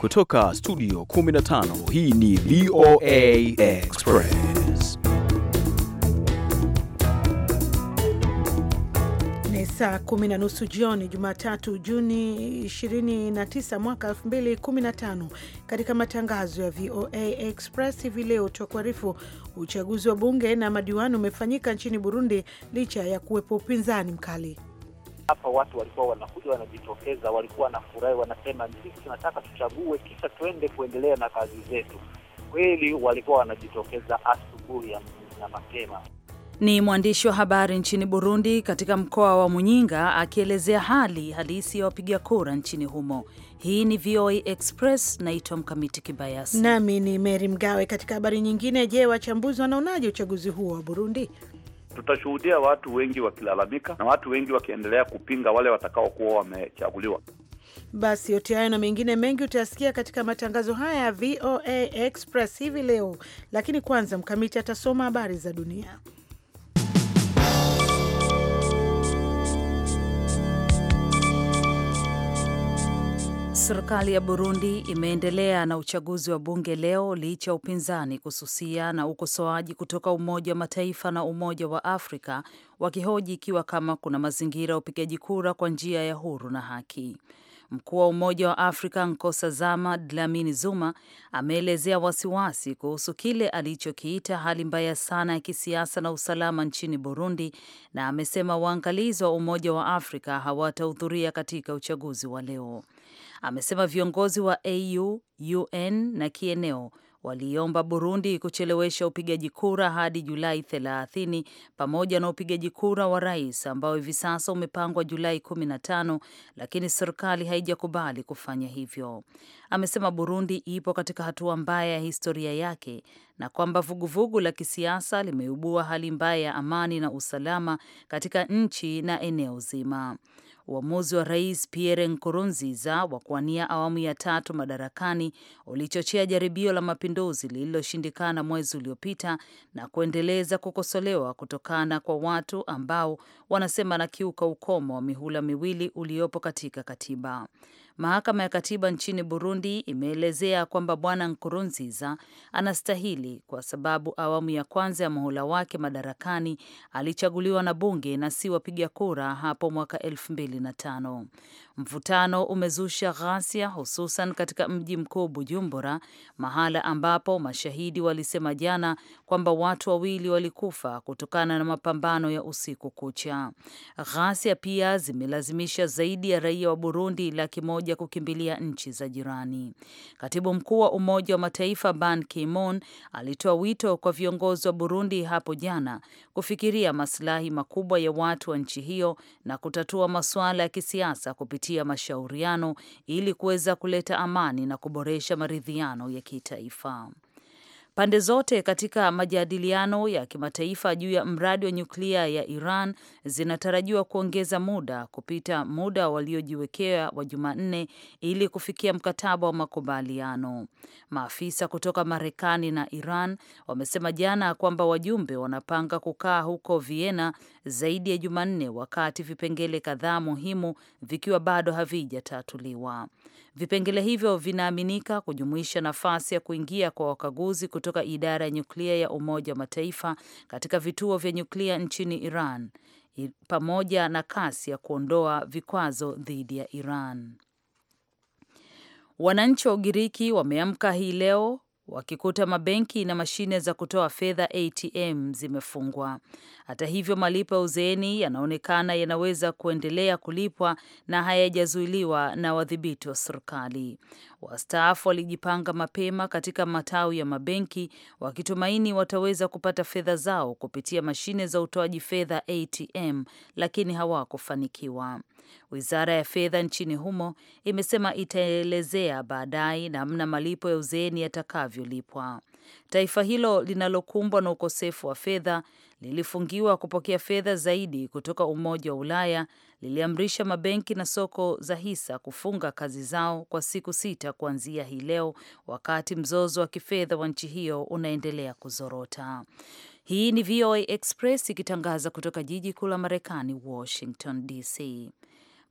Kutoka studio 15 hii ni VOA Express. Ni saa kumi na nusu jioni Jumatatu, Juni 29 mwaka 2015. Katika matangazo ya VOA Express hivi leo twakuarifu uchaguzi wa bunge na madiwani umefanyika nchini Burundi licha ya kuwepo upinzani mkali hapa watu walikuwa wanakuja wanajitokeza, walikuwa wanafurahi, wanasema sisi tunataka tuchague, kisha tuende kuendelea na kazi zetu. Kweli walikuwa wanajitokeza asubuhi na mapema. Ni mwandishi wa habari nchini Burundi katika mkoa wa Munyinga akielezea hali halisi ya wapiga kura nchini humo. Hii ni VOA Express, naitwa Mkamiti Kibayasi nami ni Meri Mgawe. Katika habari nyingine, je, wachambuzi wanaonaje uchaguzi huo wa Burundi? tutashuhudia watu wengi wakilalamika na watu wengi wakiendelea kupinga wale watakaokuwa wamechaguliwa. Basi yote hayo na mengine mengi utayasikia katika matangazo haya ya VOA Express hivi leo, lakini kwanza Mkamiti atasoma habari za dunia. Serikali ya Burundi imeendelea na uchaguzi wa bunge leo licha ya upinzani kususia na ukosoaji kutoka Umoja wa Mataifa na Umoja wa Afrika wakihoji ikiwa kama kuna mazingira ya upigaji kura kwa njia ya huru na haki. Mkuu wa Umoja wa Afrika Nkosazana Dlamini Zuma ameelezea wasiwasi kuhusu kile alichokiita hali mbaya sana ya kisiasa na usalama nchini Burundi, na amesema waangalizi wa Umoja wa Afrika hawatahudhuria katika uchaguzi wa leo amesema viongozi wa AU, UN na kieneo waliomba Burundi kuchelewesha upigaji kura hadi Julai 30 pamoja na upigaji kura wa rais ambao hivi sasa umepangwa Julai 15, lakini serikali haijakubali kufanya hivyo. Amesema Burundi ipo katika hatua mbaya ya historia yake na kwamba vuguvugu la kisiasa limeibua hali mbaya ya amani na usalama katika nchi na eneo zima. Uamuzi wa Rais Pierre Nkurunziza wa kuwania awamu ya tatu madarakani ulichochea jaribio la mapinduzi lililoshindikana mwezi uliopita na kuendeleza kukosolewa kutokana kwa watu ambao wanasema anakiuka ukomo wa mihula miwili uliopo katika katiba. Mahakama ya Katiba nchini Burundi imeelezea kwamba Bwana Nkurunziza anastahili kwa sababu awamu ya kwanza ya muhula wake madarakani alichaguliwa na bunge na si wapiga kura hapo mwaka elfu mbili na tano. Mvutano umezusha ghasia hususan katika mji mkuu Bujumbura, mahala ambapo mashahidi walisema jana kwamba watu wawili walikufa kutokana na mapambano ya usiku kucha. Ghasia pia zimelazimisha zaidi ya raia wa Burundi laki moja kukimbilia nchi za jirani. Katibu mkuu wa Umoja wa Mataifa Ban Ki-moon alitoa wito kwa viongozi wa Burundi hapo jana kufikiria masilahi makubwa ya watu wa nchi hiyo na kutatua masuala ya kisiasa kupitia kupitia mashauriano ili kuweza kuleta amani na kuboresha maridhiano ya kitaifa. Pande zote katika majadiliano ya kimataifa juu ya mradi wa nyuklia ya Iran zinatarajiwa kuongeza muda kupita muda waliojiwekea wa Jumanne ili kufikia mkataba wa makubaliano. Maafisa kutoka Marekani na Iran wamesema jana kwamba wajumbe wanapanga kukaa huko Vienna zaidi ya Jumanne, wakati vipengele kadhaa muhimu vikiwa bado havijatatuliwa. Vipengele hivyo vinaaminika kujumuisha nafasi ya kuingia kwa wakaguzi kutoka idara ya nyuklia ya Umoja wa Mataifa katika vituo vya nyuklia nchini Iran pamoja na kasi ya kuondoa vikwazo dhidi ya Iran. Wananchi wa Ugiriki wameamka hii leo wakikuta mabenki na mashine za kutoa fedha ATM zimefungwa. Hata hivyo, malipo ya uzeeni yanaonekana yanaweza kuendelea kulipwa na hayajazuiliwa na wadhibiti wa serikali. Wastaafu walijipanga mapema katika matawi ya mabenki wakitumaini wataweza kupata fedha zao kupitia mashine za utoaji fedha ATM, lakini hawakufanikiwa. Wizara ya fedha nchini humo imesema itaelezea baadaye namna malipo ya uzeeni yatakavyolipwa. Taifa hilo linalokumbwa na ukosefu wa fedha lilifungiwa kupokea fedha zaidi kutoka Umoja wa Ulaya, liliamrisha mabenki na soko za hisa kufunga kazi zao kwa siku sita kuanzia hii leo, wakati mzozo wa kifedha wa nchi hiyo unaendelea kuzorota. Hii ni VOA Express ikitangaza kutoka jiji kuu la Marekani, Washington DC.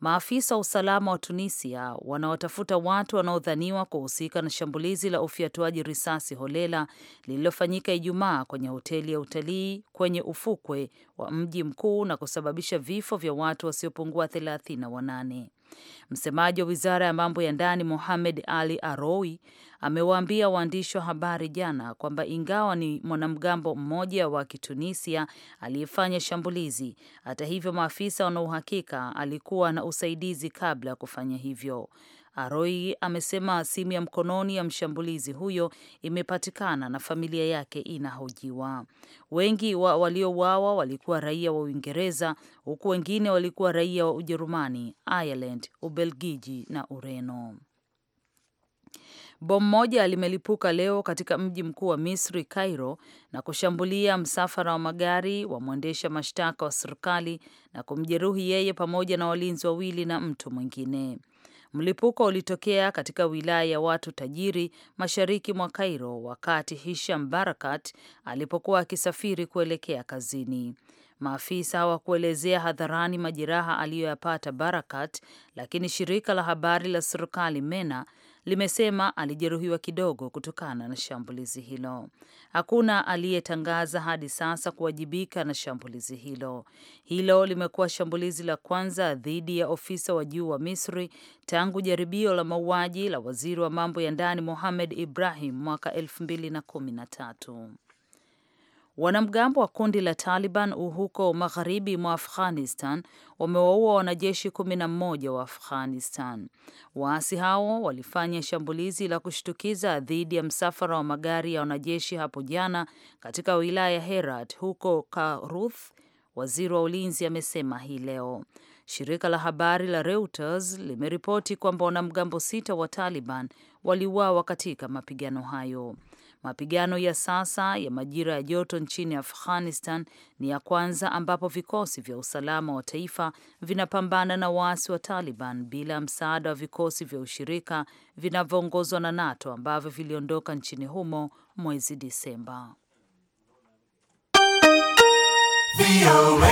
Maafisa wa usalama wa Tunisia wanawatafuta watu wanaodhaniwa kuhusika na shambulizi la ufyatuaji risasi holela lililofanyika Ijumaa kwenye hoteli ya utalii kwenye ufukwe wa mji mkuu na kusababisha vifo vya watu wasiopungua thelathini na wanane. Msemaji wa wizara ya mambo ya ndani Mohamed Ali aroi amewaambia waandishi wa habari jana kwamba ingawa ni mwanamgambo mmoja wa Kitunisia aliyefanya shambulizi, hata hivyo maafisa wana uhakika alikuwa na usaidizi kabla ya kufanya hivyo. Aroi amesema simu ya mkononi ya mshambulizi huyo imepatikana na familia yake inahojiwa. Wengi wa waliouawa walikuwa raia wa Uingereza, huku wengine walikuwa raia wa Ujerumani, Ireland, Ubelgiji na Ureno. Bomu moja limelipuka leo katika mji mkuu wa Misri, Cairo, na kushambulia msafara wa magari wa mwendesha mashtaka wa serikali na kumjeruhi yeye pamoja na walinzi wawili na mtu mwingine. Mlipuko ulitokea katika wilaya ya watu tajiri mashariki mwa Cairo wakati Hisham Barakat alipokuwa akisafiri kuelekea kazini. Maafisa hawakuelezea hadharani majeraha aliyoyapata Barakat, lakini shirika la habari la serikali MENA limesema alijeruhiwa kidogo kutokana na shambulizi hilo. Hakuna aliyetangaza hadi sasa kuwajibika na shambulizi hilo. Hilo limekuwa shambulizi la kwanza dhidi ya ofisa wa juu wa Misri tangu jaribio la mauaji la waziri wa mambo ya ndani Mohamed Ibrahim mwaka elfu mbili na kumi na tatu. Wanamgambo wa kundi la Taliban huko magharibi mwa Afghanistan wamewaua wanajeshi kumi na mmoja wa Afghanistan. Waasi hao walifanya shambulizi la kushtukiza dhidi ya msafara wa magari ya wanajeshi hapo jana katika wilaya ya Herat huko Karuth, waziri wa ulinzi amesema hii leo. Shirika la habari la Reuters limeripoti kwamba wanamgambo sita wa Taliban waliuawa katika mapigano hayo. Mapigano ya sasa ya majira ya joto nchini Afghanistan ni ya kwanza ambapo vikosi vya usalama wa taifa vinapambana na waasi wa Taliban bila msaada wa vikosi vya ushirika vinavyoongozwa na NATO ambavyo viliondoka nchini humo mwezi Disemba. VOA.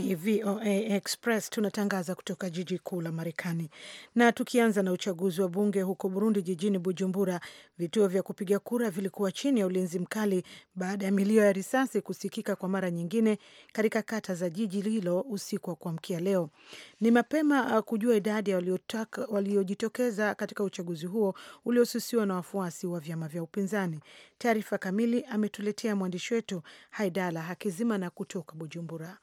ni VOA Express, tunatangaza kutoka jiji kuu la Marekani. Na tukianza na uchaguzi wa bunge huko Burundi, jijini Bujumbura, vituo vya kupiga kura vilikuwa chini ya ulinzi mkali baada ya milio ya risasi kusikika kwa mara nyingine katika kata za jiji hilo usiku wa kuamkia leo. Ni mapema uh, kujua idadi ya waliojitokeza katika uchaguzi huo uliosusiwa na wafuasi wa vyama vya upinzani. Taarifa kamili ametuletea mwandishi wetu Haidala Hakizimana kutoka Bujumbura.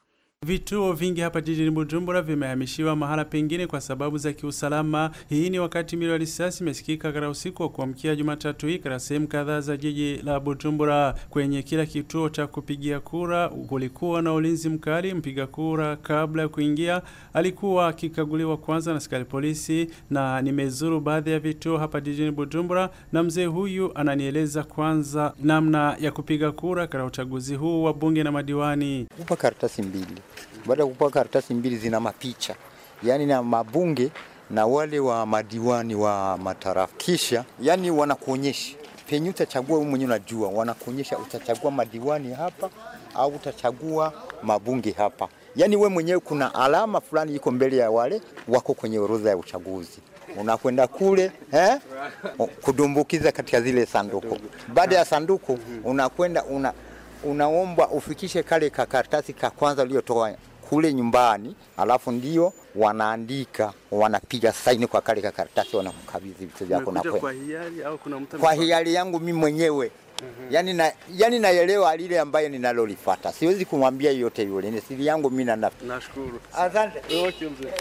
Vituo vingi hapa jijini Bujumbura vimehamishiwa mahala pengine kwa sababu za kiusalama. Hii ni wakati milio ya risasi imesikika katika usiku wa kuamkia Jumatatu hii katika sehemu kadhaa za jiji la Bujumbura. Kwenye kila kituo cha kupigia kura kulikuwa na ulinzi mkali. Mpiga kura kabla ya kuingia alikuwa akikaguliwa kwanza na askari polisi, na nimezuru baadhi ya vituo hapa jijini Bujumbura, na mzee huyu ananieleza kwanza namna ya kupiga kura katika uchaguzi huu wa bunge na madiwani. Upa karatasi mbili baada ya kupewa karatasi mbili zina mapicha yani na mabunge na wale wa madiwani wa matarafa, kisha yani wanakuonyesha penye utachagua wewe mwenyewe unajua, wanakuonyesha utachagua madiwani hapa au utachagua mabunge hapa. Yani wewe mwenyewe kuna alama fulani iko mbele ya wale wako kwenye orodha ya uchaguzi, unakwenda kule eh, kudumbukiza katika zile sanduku. Baada ya sanduku unakwenda una, unaomba ufikishe kale kakaratasi ka kwanza uliyotoa kule nyumbani, alafu ndio wanaandika wanapiga saini kwa kale karatasi, wanakukabidhi vitu vyako na kwa hiari au kuna mtu kwa hiari yangu mimi mwenyewe mhm. Yani na yani naelewa lile ambaye ninalolifuata. Siwezi kumwambia yote yule. Ni siri yangu mimi na Nashukuru. Asante. mzee.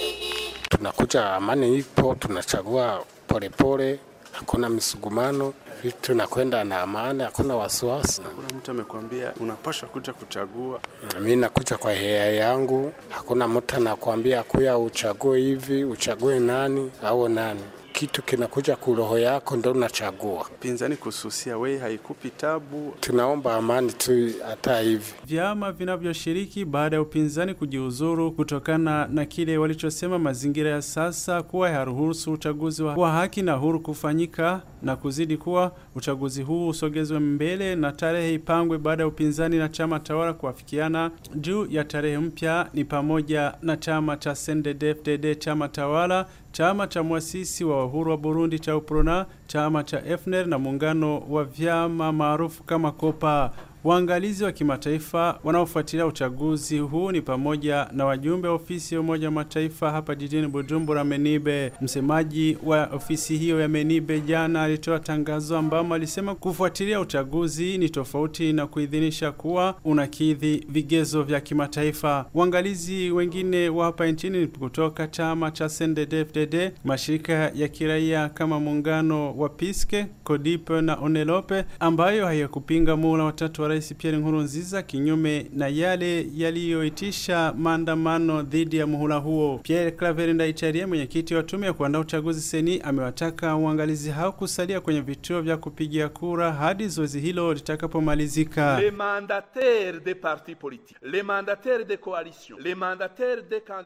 Tunakuja amani ipo, tunachagua polepole hakuna misugumano, vitu nakwenda na amani, hakuna wasiwasi. Hakuna mtu amekwambia unapasha kuja kuchagua. Mi nakuja kwa hea yangu, hakuna mtu anakwambia kuya uchague hivi uchague nani au nani kitu kinakuja kuroho yako ndo unachagua. Pinzani kususia we haikupi tabu, tunaomba amani tu. Hata hivi vyama vinavyoshiriki baada ya upinzani kujiuzuru kutokana na kile walichosema mazingira ya sasa kuwa haruhusu uchaguzi wa haki na huru kufanyika na kuzidi kuwa uchaguzi huu usogezwe mbele na tarehe ipangwe baada ya upinzani na chama tawala kuafikiana juu ya tarehe mpya, ni pamoja na chama cha CNDD-FDD chama tawala chama cha mwasisi wa uhuru wa Burundi cha UPRONA, chama cha FNL na muungano wa vyama maarufu kama Kopa. Waangalizi wa kimataifa wanaofuatilia uchaguzi huu ni pamoja na wajumbe wa ofisi ya Umoja wa Mataifa hapa jijini Bujumbura, Menibe. Msemaji wa ofisi hiyo ya Menibe jana alitoa tangazo ambamo alisema kufuatilia uchaguzi ni tofauti na kuidhinisha kuwa unakidhi vigezo vya kimataifa. Waangalizi wengine wa hapa nchini ni kutoka chama cha CNDD-FDD, mashirika ya kiraia kama muungano wa Piske, Kodipe na Onelope ambayo hayakupinga muhula watatu wa Rais Pierre Nkurunziza kinyume na yale yaliyoitisha maandamano dhidi ya muhula huo. Pierre Claver ndaicharia mwenyekiti wa tume ya kuandaa uchaguzi seni, amewataka uangalizi hao kusalia kwenye vituo vya kupigia kura hadi zoezi hilo litakapomalizika.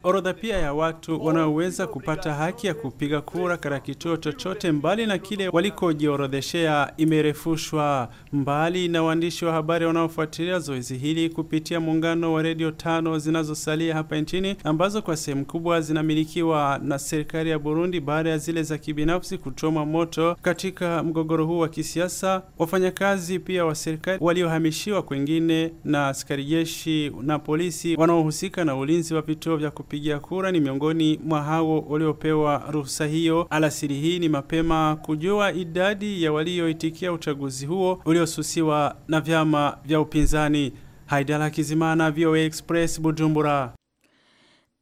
Orodha pia ya watu wanaoweza kupata haki ya kupiga kura katika kituo chochote mbali na kile walikojiorodheshea imerefushwa mbali na waandishi wa habari habari wanaofuatilia zoezi hili kupitia muungano wa redio tano zinazosalia hapa nchini ambazo kwa sehemu kubwa zinamilikiwa na serikali ya Burundi baada ya zile za kibinafsi kuchoma moto katika mgogoro huu wa kisiasa. Wafanyakazi pia wa serikali waliohamishiwa kwengine na askari jeshi na polisi wanaohusika na ulinzi wa vituo vya kupigia kura ni miongoni mwa hao waliopewa ruhusa hiyo. Alasiri hii ni mapema kujua idadi ya walioitikia uchaguzi huo uliosusiwa na vyama vyama vya upinzani. Haidala Kizimana, VOA Express, Bujumbura.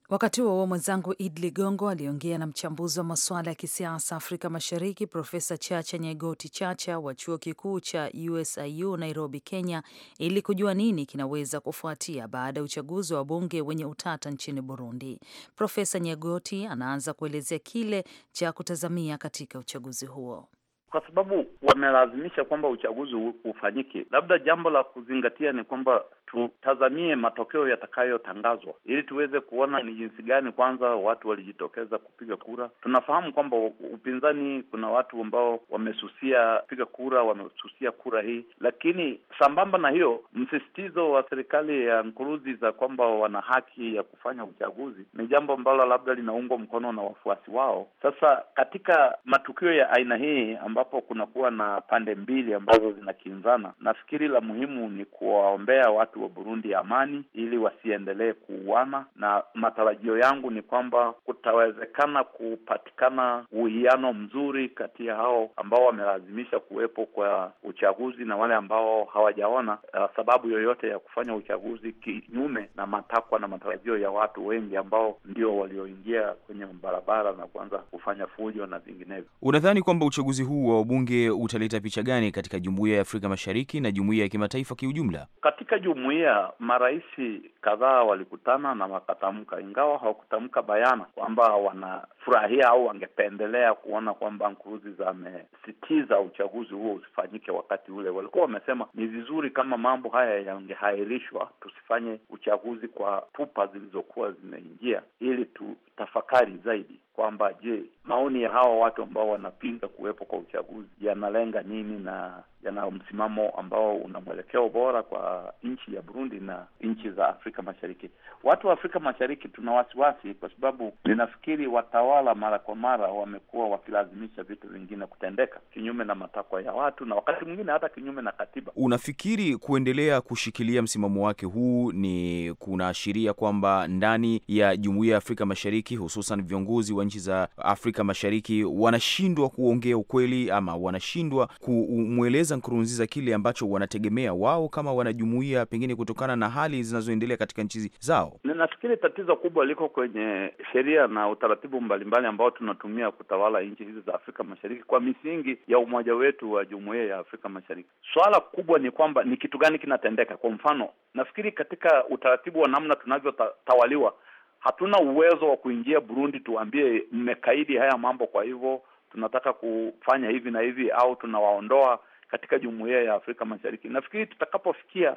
Wakati huo huo mwenzangu Id Ligongo aliongea na mchambuzi wa masuala ya kisiasa Afrika Mashariki, Profesa Chacha Nyegoti Chacha wa chuo kikuu cha USIU Nairobi, Kenya, ili kujua nini kinaweza kufuatia baada ya uchaguzi wa bunge wenye utata nchini Burundi. Profesa Nyegoti anaanza kuelezea kile cha kutazamia katika uchaguzi huo kwa sababu wamelazimisha kwamba uchaguzi ufanyike. Labda jambo la kuzingatia ni kwamba tutazamie matokeo yatakayotangazwa ili tuweze kuona ni jinsi gani kwanza watu walijitokeza kupiga kura. Tunafahamu kwamba upinzani, kuna watu ambao wamesusia kupiga kura, wamesusia kura hii, lakini sambamba na hiyo, msisitizo wa serikali ya Nkuruzi za kwamba wana haki ya kufanya uchaguzi ni jambo ambalo labda linaungwa mkono na wafuasi wao. Sasa katika matukio ya aina hii ambapo kunakuwa na pande mbili ambazo zinakinzana. Nafikiri la muhimu ni kuwaombea watu wa Burundi amani ili wasiendelee kuuana, na matarajio yangu ni kwamba kutawezekana kupatikana uwiano mzuri kati ya hao ambao wamelazimisha kuwepo kwa uchaguzi na wale ambao hawajaona uh, sababu yoyote ya kufanya uchaguzi kinyume na matakwa na matarajio ya watu wengi ambao ndio walioingia kwenye barabara na kuanza kufanya fujo na vinginevyo. Unadhani kwamba uchaguzi huu wa wabunge utaleta picha gani katika jumuiya ya Afrika Mashariki na jumuiya ya kimataifa kiujumla? Katika jumuiya, marais kadhaa walikutana na wakatamka, ingawa hawakutamka bayana kwamba wanafurahia au wangependelea kuona kwamba Nkurunziza amesitiza uchaguzi huo usifanyike wakati ule. Walikuwa wamesema ni vizuri kama mambo haya yangehairishwa, tusifanye uchaguzi kwa pupa zilizokuwa zimeingia, ili tutafakari zaidi kwamba je, maoni ya hawa watu ambao wanapinga kuwepo kwa uchaguzi yanalenga nini na yana msimamo ambao una mwelekeo bora kwa nchi ya Burundi na nchi za Afrika Mashariki. Watu wa Afrika Mashariki tuna wasiwasi, kwa sababu ninafikiri watawala mara kwa mara wamekuwa wakilazimisha vitu vingine kutendeka kinyume na matakwa ya watu, na wakati mwingine hata kinyume na katiba. Unafikiri kuendelea kushikilia msimamo wake huu ni kunaashiria kwamba ndani ya Jumuiya ya Afrika Mashariki, hususan viongozi wa nchi za Afrika Mashariki wanashindwa kuongea ukweli ama wanashindwa kumweleza Nkurunziza kile ambacho wanategemea wao kama wanajumuia, pengine kutokana na hali zinazoendelea katika nchi zao. Nafikiri tatizo kubwa liko kwenye sheria na utaratibu mbalimbali ambao tunatumia kutawala nchi hizi za Afrika Mashariki kwa misingi ya umoja wetu wa Jumuiya ya Afrika Mashariki. Swala kubwa ni kwamba ni kitu gani kinatendeka. Kwa mfano, nafikiri katika utaratibu wa namna tunavyotawaliwa ta hatuna uwezo wa kuingia Burundi tuambie mmekaidi haya mambo, kwa hivyo tunataka kufanya hivi na hivi, au tunawaondoa katika jumuiya ya Afrika Mashariki. Nafikiri tutakapofikia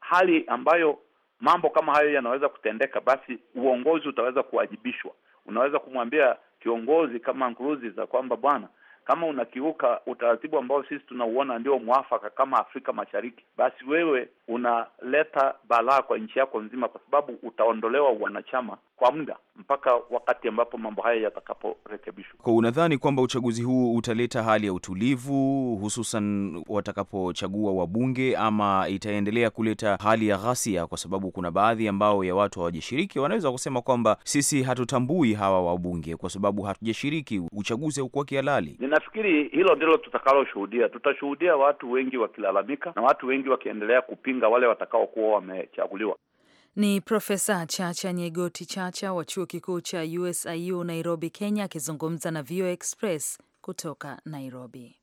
hali ambayo mambo kama hayo yanaweza kutendeka, basi uongozi utaweza kuwajibishwa. Unaweza kumwambia kiongozi kama Nkurunziza kwamba bwana, kama unakiuka utaratibu ambao sisi tunauona ndio mwafaka kama Afrika Mashariki, basi wewe unaleta balaa kwa nchi yako nzima, kwa sababu utaondolewa wanachama kwa muda mpaka wakati ambapo mambo haya yatakaporekebishwa. Kwa unadhani kwamba uchaguzi huu utaleta hali ya utulivu, hususan watakapochagua wabunge, ama itaendelea kuleta hali ya ghasia? Kwa sababu kuna baadhi ambao ya watu hawajashiriki, wanaweza kusema kwamba sisi hatutambui hawa wabunge kwa sababu hatujashiriki, uchaguzi haukuwa kihalali. Ninafikiri hilo ndilo tutakaloshuhudia. Tutashuhudia watu wengi wakilalamika na watu wengi wakiendelea kupinga kupinga wale watakaokuwa wamechaguliwa. Ni Profesa Chacha Nyegoti Chacha wa chuo kikuu cha USIU Nairobi, Kenya, akizungumza na VOA Express kutoka Nairobi.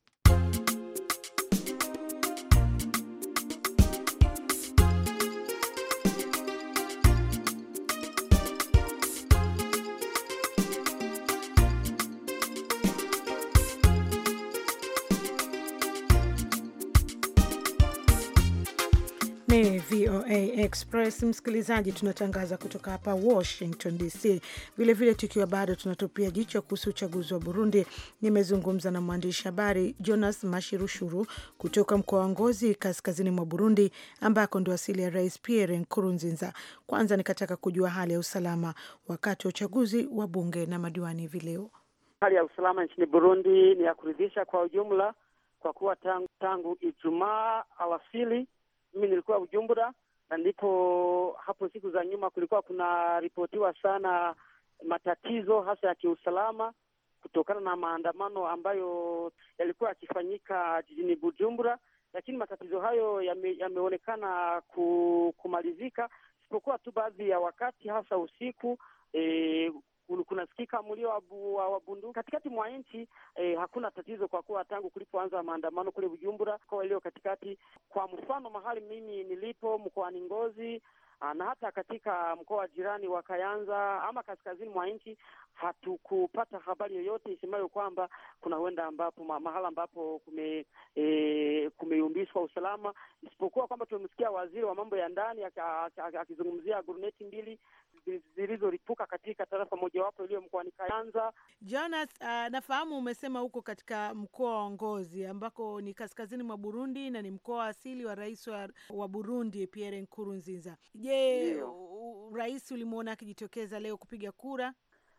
Ni VOA Express, msikilizaji, tunatangaza kutoka hapa Washington DC. Vilevile tukiwa bado tunatupia jicho kuhusu uchaguzi wa Burundi, nimezungumza na mwandishi habari Jonas Mashirushuru kutoka mkoa wa Ngozi, kaskazini mwa Burundi, ambako ndio asili ya Rais Pierre Nkurunziza. Kwanza nikataka kujua hali ya usalama wakati wa uchaguzi wa bunge na madiwani hivi leo. Hali ya usalama nchini Burundi ni ya kuridhisha kwa ujumla, kwa kuwa tangu, tangu Ijumaa alasili mimi nilikuwa Bujumbura, na ndipo hapo siku za nyuma kulikuwa kunaripotiwa sana matatizo hasa ya kiusalama kutokana na maandamano ambayo yalikuwa yakifanyika jijini Bujumbura, lakini matatizo hayo yameonekana yame ku, kumalizika isipokuwa tu baadhi ya wakati hasa usiku e, kunasikika mlio wa bunduki katikati mwa nchi eh, hakuna tatizo kwa kuwa tangu kulipoanza maandamano kule Bujumbura kwa iliyo katikati, kwa mfano mahali mimi nilipo mkoani Ngozi ah, na hata katika mkoa wa jirani wa Kayanza ama kaskazini mwa nchi hatukupata habari yoyote isemayo kwamba kuna huenda ambapo mahala ambapo kume e, kumeyumbishwa usalama, isipokuwa kwamba tumemsikia waziri wa mambo ya ndani akizungumzia guruneti mbili zilizolipuka katika tarafa mojawapo iliyo mkoani Kayanza. Jonas, uh, nafahamu umesema huko katika mkoa wa Ngozi ambako ni kaskazini mwa Burundi na ni mkoa wa asili wa rais wa, wa Burundi Pierre Nkurunziza. Je, rais ulimwona akijitokeza leo kupiga kura?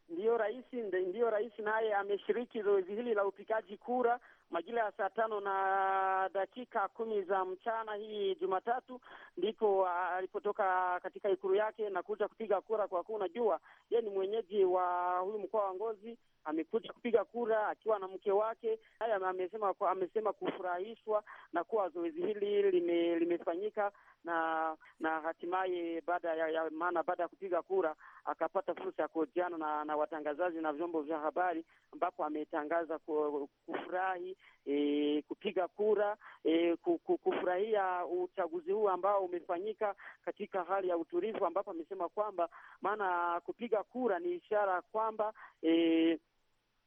Ndiyo rais, ndiyo rais naye ameshiriki zoezi hili la upigaji kura majira ya saa tano na dakika kumi za mchana hii Jumatatu, ndipo ah, alipotoka katika ikulu yake na kuja kupiga kura, kwa kuwa unajua yeye ni mwenyeji wa huyu mkoa wa Ngozi, amekuja kupiga kura akiwa na mke wake. Haya amesema, amesema kufurahishwa na kuwa zoezi hili lime, limefanyika na na hatimaye baada ya, ya maana baada ya kupiga kura akapata fursa ya kuhojiana na, na watangazaji na vyombo vya habari ambapo ametangaza kufurahi e, kupiga kura e, kufurahia uchaguzi huu ambao umefanyika katika hali ya utulivu, ambapo amesema kwamba maana kupiga kura ni ishara kwamba e,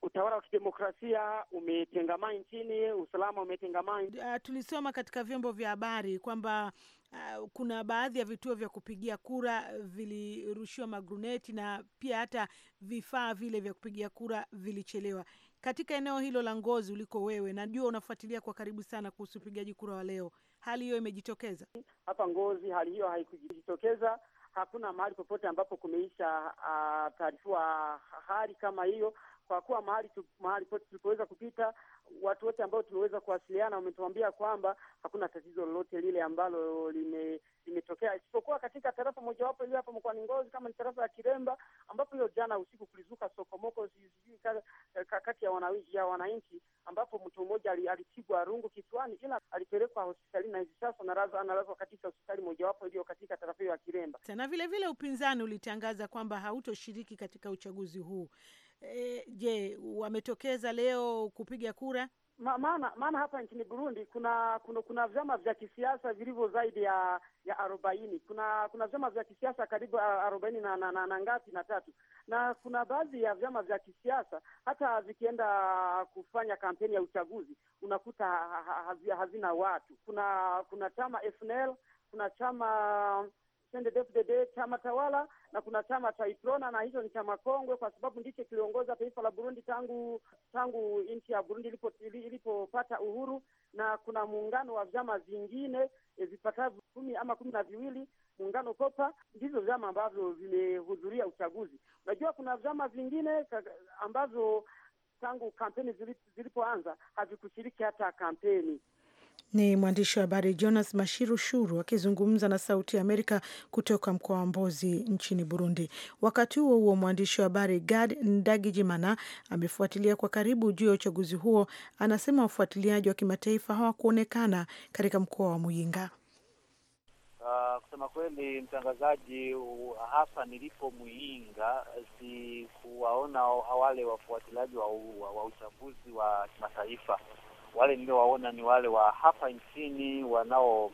utawala wa kidemokrasia umetengamaa nchini, usalama umetengamaa. Uh, tulisoma katika vyombo vya habari kwamba uh, kuna baadhi ya vituo vya kupigia kura vilirushiwa magruneti na pia hata vifaa vile vya kupigia kura vilichelewa katika eneo hilo la Ngozi uliko wewe, najua unafuatilia kwa karibu sana kuhusu upigaji kura wa leo, hali hiyo imejitokeza hapa Ngozi? Hali hiyo haikujitokeza, hakuna mahali popote ambapo kumeisha ah, taarifiwa ah, hali kama hiyo, kwa kuwa mahali tu, mahali pote tulipoweza kupita watu wote ambao tumeweza kuwasiliana wametuambia kwamba hakuna tatizo lolote lile ambalo lime, limetokea isipokuwa katika tarafa mojawapo iliyo hapa mkoani Ngozi, kama ni tarafa ya Kiremba, ambapo hiyo jana usiku kulizuka sokomoko sijui kati ya wananchi ya wananchi, ambapo mtu mmoja alipigwa rungu kichwani, ila alipelekwa hospitalini na hivi sasa analazwa katika hospitali mojawapo iliyo katika tarafa hiyo ya Kiremba. Na vile vile upinzani ulitangaza kwamba hautoshiriki katika uchaguzi huu. E, je, wametokeza leo kupiga kura? Maana maana hapa nchini Burundi kuna kuna, kuna vyama vya kisiasa vilivyo zaidi ya ya arobaini. Kuna kuna vyama vya kisiasa karibu arobaini na, na, na, na ngapi na tatu, na kuna baadhi ya vyama vya kisiasa hata vikienda kufanya kampeni ya uchaguzi unakuta ha, ha, hazina watu. Kuna kuna chama FNL, kuna chama CNDD-FDD chama tawala, na kuna chama cha Iprona, na hicho ni chama kongwe kwa sababu ndicho kiliongoza taifa la Burundi tangu tangu nchi ya Burundi ilipopata uhuru, na kuna muungano wa vyama vingine e, vipatavyo kumi ama kumi na viwili muungano kopa, ndivyo vyama ambavyo vimehudhuria uchaguzi. Unajua kuna vyama vingine ambavyo tangu kampeni zilipoanza havikushiriki hata kampeni. Ni mwandishi wa habari Jonas Mashiru Shuru akizungumza na Sauti ya Amerika kutoka mkoa wa Mbozi nchini Burundi. Wakati huo huo, mwandishi wa habari Gad Ndagijimana amefuatilia kwa karibu juu ya uchaguzi huo. Anasema wafuatiliaji wa kimataifa hawakuonekana katika mkoa wa Muyinga. Uh, kusema kweli mtangazaji, uh, hapa nilipo uh, si kuwaona wale wafuatiliaji wa, wa, wa uchaguzi wa kimataifa. Wale niliowaona ni wale wa hapa nchini wanao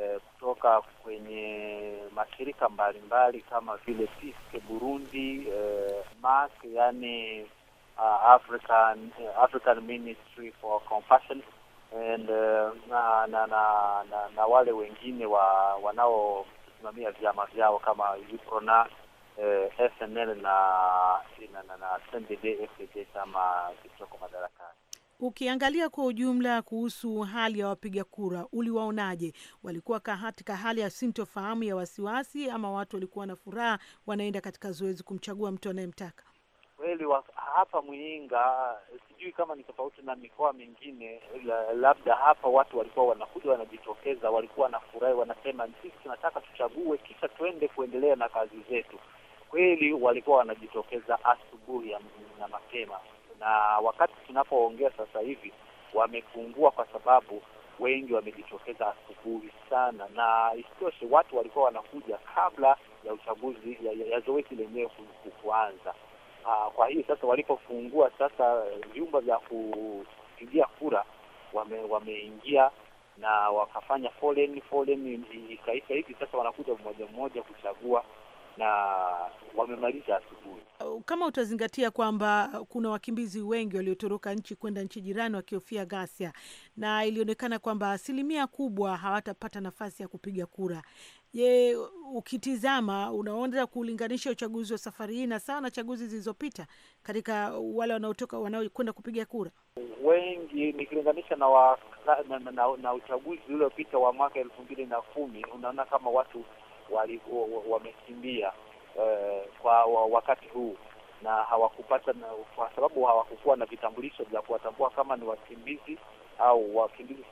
eh, kutoka kwenye mashirika mbalimbali kama vile Piske Burundi, eh, MAC yani uh, African, African Ministry for Compassion and, uh, na, na, na na na wale wengine wa wanaosimamia vyama vyao kama UPRONA eh, uh, FNL na na, na, na CNDD FDD kama kilichoko madarakani. Ukiangalia kwa ujumla kuhusu hali ya wapiga kura, uliwaonaje? Walikuwa katika hali ya sintofahamu ya wasiwasi, ama watu walikuwa na furaha, wanaenda katika zoezi kumchagua mtu anayemtaka? Kweli hapa Muyinga sijui kama ni tofauti na mikoa mingine, labda hapa watu walikuwa wanakuja wanajitokeza, walikuwa wanafurahi, wanasema sisi tunataka tuchague, kisha tuende kuendelea na kazi zetu. Kweli walikuwa wanajitokeza asubuhi na mapema, na wakati tunapoongea sasa hivi wamepungua, kwa sababu wengi wamejitokeza asubuhi sana, na isitoshe watu walikuwa wanakuja kabla ya uchaguzi ya, ya, ya zoezi lenyewe kuanza. Aa, ah, kwa hiyo sasa walipofungua sasa eh, vyumba vya kupigia kura wame, wameingia na wakafanya foleni foleni ikaisha hivi sasa wanakuja mmoja mmoja kuchagua na wamemaliza asubuhi. Uh, kama utazingatia kwamba kuna wakimbizi wengi waliotoroka nchi kwenda nchi jirani wakihofia ghasia, na ilionekana kwamba asilimia kubwa hawatapata nafasi ya kupiga kura. Je, ukitizama unaona kulinganisha uchaguzi wa safari hii na sana na chaguzi zilizopita katika wale wanaotoka wanaokwenda kupiga kura? Wengi nikilinganisha na, wa, na, na, na, na uchaguzi uliopita wa mwaka elfu mbili na kumi unaona kama watu wamekimbia wa, eh, kwa wa, wakati huu na hawakupata na, kwa sababu hawakukuwa na vitambulisho vya kuwatambua kama ni wakimbizi au wakimbizi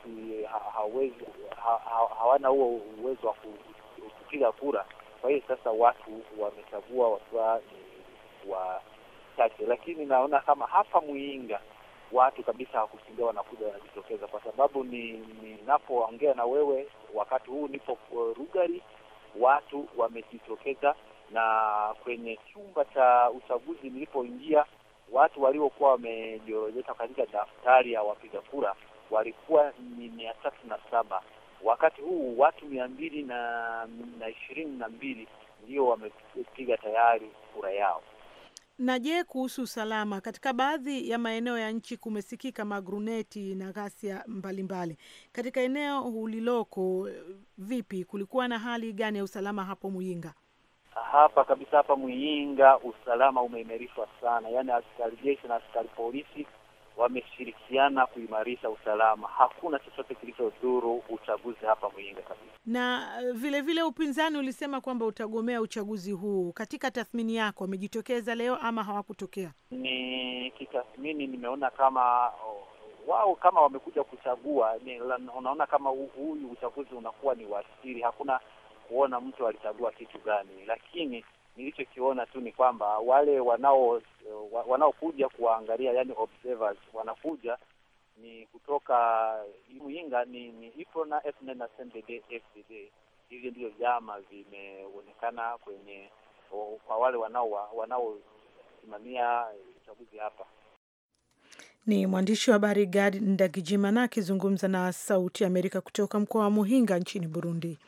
hawezi hawana huo uwezo wa kupiga kura. Kwa hiyo sasa watu wamechagua wakiwa ni wachache, lakini naona kama hapa Muinga watu kabisa hawakusingia, wanakuja wanajitokeza, kwa sababu ninapoongea ni na wewe wakati huu nipo uh, Rugari, watu wamejitokeza, na kwenye chumba cha uchaguzi nilipoingia, watu waliokuwa wamejiorodhesha katika daftari ya wapiga kura walikuwa ni mia tatu na saba. Wakati huu watu mia mbili na ishirini na mbili ndio wamepiga tayari kura yao. Na je, kuhusu usalama katika baadhi ya maeneo ya nchi kumesikika magruneti na ghasia mbalimbali. Katika eneo uliloko vipi, kulikuwa na hali gani ya usalama hapo Muyinga? Hapa kabisa, hapa Muyinga usalama umeimarishwa sana, yaani askari jeshi na askari polisi wameshirikiana kuimarisha usalama. Hakuna chochote kilichodhuru uchaguzi hapa Muyinga kabisa. Na vilevile eh, vile upinzani ulisema kwamba utagomea uchaguzi huu. Katika tathmini yako, wamejitokeza leo ama hawakutokea? Ni kitathmini, nimeona kama oh, wao kama wamekuja kuchagua ni, unaona kama huyu uchaguzi unakuwa ni wasiri hakuna kuona mtu alichagua kitu gani, lakini nilichokiona tu ni kwamba wale wanao wanaokuja kuwaangalia, yani observers wanakuja ni kutoka Muyinga, ni ni Iprona FNL na CNDD FDD. Hivi ndio vyama vimeonekana kwenye kwa wale wanao wanaosimamia uchaguzi hapa. Ni mwandishi wa habari Gad Ndagijimana akizungumza na Sauti ya Amerika kutoka mkoa wa Muhinga nchini Burundi.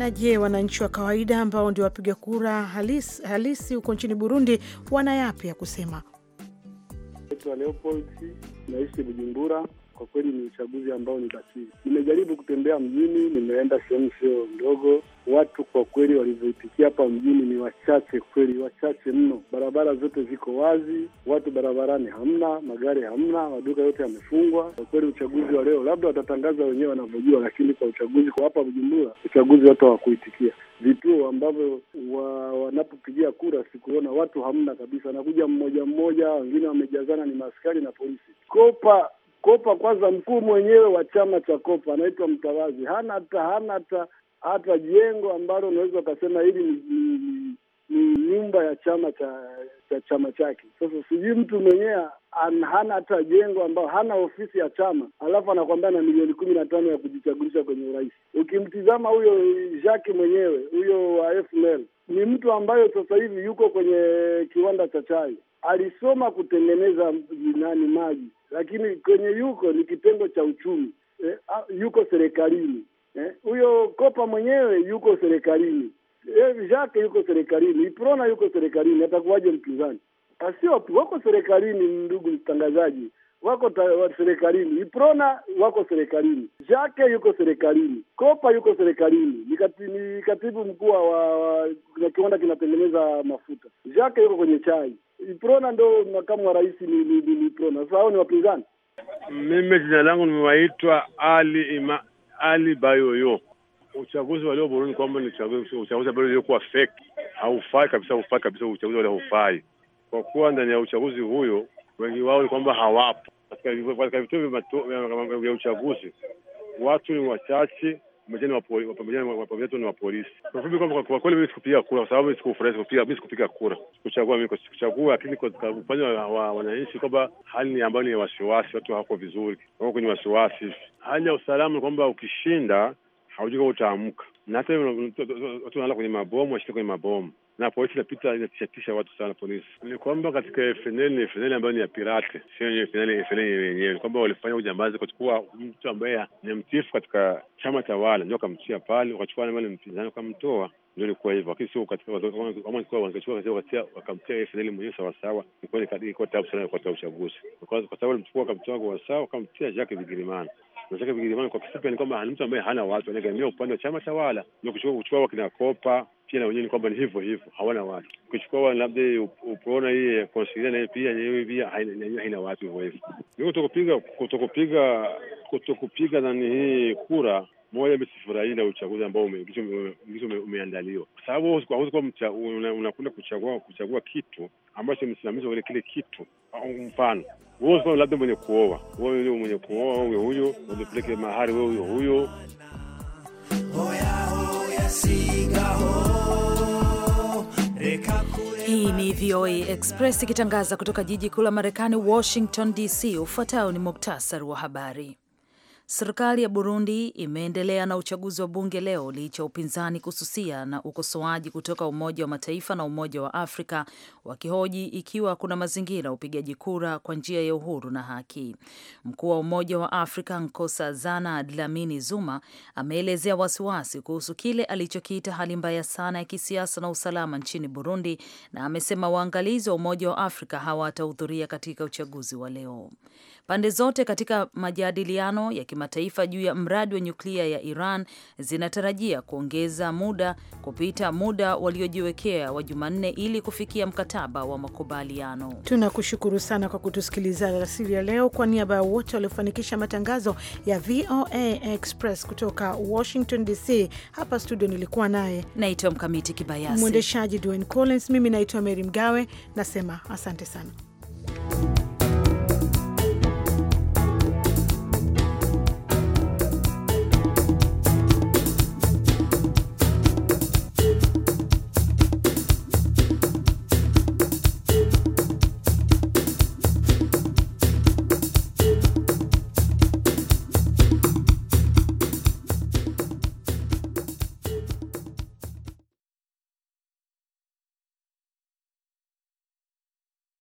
Na je, wananchi wa kawaida ambao ndio wapiga kura halisi halisi huko nchini Burundi wana yapi ya kusema? Leopold, naishi Bujumbura kwa kweli ni uchaguzi ambao ni batili. Nimejaribu kutembea mjini, nimeenda sehemu sio ndogo. Watu kwa kweli walivyoitikia hapa mjini ni wachache kweli, wachache mno. Barabara zote ziko wazi, watu barabarani hamna, magari hamna, maduka yote yamefungwa. Kwa kweli uchaguzi wa leo labda watatangaza wenyewe wanavyojua, lakini kwa uchaguzi kwa hapa Bujumbura, uchaguzi watu hawakuitikia. Vituo ambavyo wa, wanapopigia kura sikuona watu hamna kabisa, anakuja mmoja mmoja, wengine wamejazana, ni maaskari na polisi kopa Kopa kwanza, mkuu mwenyewe wa chama cha Kopa anaitwa Mtawazi, hana hata hana hata hata jengo ambalo unaweza ukasema hili ni, ni, ni nyumba ya chama cha, cha chama chake. Sasa sijui mtu mwenyewe hana hata jengo ambayo hana ofisi ya chama, alafu anakwambia na milioni kumi na tano ya kujichagulisha kwenye urais. Ukimtizama huyo Jacques mwenyewe huyo wa FML ni mtu ambayo sasa hivi yuko kwenye kiwanda cha chai, alisoma kutengeneza nani maji lakini kwenye yuko ni kitengo cha uchumi eh, yuko serikalini eh, huyo eh, kopa mwenyewe yuko serikalini eh, Jacques yuko serikalini, Iprona yuko serikalini, atakuwaje mpinzani? Asio tu wako serikalini, ndugu mtangazaji, wako serikalini, Iprona wako serikalini, Jacques yuko serikalini, kopa yuko serikalini, ni katibu mkuu wa, wa kiwanda kinatengeneza mafuta. Jacques yuko kwenye chai Prona ndo makamu wa rais ni, ni, ni, ni Prona. Sasa hao ni wapinzani. Mimi jina langu nimewaitwa Ali Ima, Ali Bayoyo. Uchaguzi walio Burundi kwamba ni uchaguzi uchaguzi ambao uliokuwa fake, haufai kabisa, haufai kabisa, uchaguzi wale haufai kwa kuwa ndani ya uchaguzi huyo wengi wao ni kwamba hawapo katika vituo vya uchaguzi, watu ni wachache wapambanaji wetu ni wa polisi. Kwa kweli mimi sikupiga kura, kwa sababu mimi sikufurahi, sikupiga mimi sikupiga kura kuchagua mimi kuchagua, lakini kwa upande wa wananchi kwamba hali ni ambayo ni wasiwasi, watu hawako vizuri, wako kwenye wasiwasi. Hali ya usalama kwamba ukishinda haujui kama utaamka na hata watu wanalala kwenye mabomu, washite kwenye mabomu, na polisi inapita inatishatisha watu sana. Polisi ni kwamba katika FNL ni FNL ambayo ni ya pirate, sio yenyewe, ni kwamba walifanya ujambazi, wakachukua mtu ambaye ni mtifu katika chama tawala, ndio wakamtia pale, wakachukua ambaye ni mpinzani wakamtoa ndio ilikuwa hivyo, lakini sio katika wakamtia FNL mwenyewe sawasawa. Ilikuwa tabu sana katika uchaguzi, kwa sababu walimchukua wakamtoa kwa sawa, wakamtia Jacques Bigirimana. Nasaka vinginevyo kwa kifupi ni kwamba ni mtu ambaye hana watu, anaegemea upande wa chama tawala, na kuchukua wakina Kopa pia na wenyewe ni kwamba ni hivyo hivyo, hawana watu. Ukichukua labda upona hii konsilia naye pia yeye pia haina watu hivyo hivyo. Ni kutokupiga kutokupiga kutokupiga nani hii kura moja misifurahii na uchaguzi ambao umeandaliwa, kwa sababu unakwenda kuchagua kuchagua kitu ambacho nimesimamishwa kwenye kile kitu. Mfano wewe labda mwenye kuoa wewe, mwenye kuoa wewe huyo, unapeleke mahari wewe huyo huyo hii ni VOA Express ikitangaza kutoka jiji kuu la Marekani, Washington DC. Ufuatao ni muktasari wa habari. Serikali ya Burundi imeendelea na uchaguzi wa bunge leo licha upinzani kususia na ukosoaji kutoka Umoja wa Mataifa na Umoja wa Afrika wakihoji ikiwa kuna mazingira ya upigaji kura kwa njia ya uhuru na haki. Mkuu wa Umoja wa Afrika Nkosazana Dlamini Zuma ameelezea wasiwasi kuhusu kile alichokiita hali mbaya sana ya kisiasa na usalama nchini Burundi na amesema waangalizi wa Umoja wa Afrika hawatahudhuria katika uchaguzi wa leo. Pande zote katika majadiliano ya kimataifa juu ya mradi wa nyuklia ya Iran zinatarajia kuongeza muda kupita muda waliojiwekea wa Jumanne ili kufikia mkataba wa makubaliano. Tunakushukuru sana kwa kutusikiliza rasili ya leo. Kwa niaba ya wote waliofanikisha matangazo ya VOA Express kutoka Washington DC, hapa studio nilikuwa naye naitwa Mkamiti Kibayasi, mwendeshaji Dwayne Collins, mimi naitwa Mary Mgawe, nasema asante sana.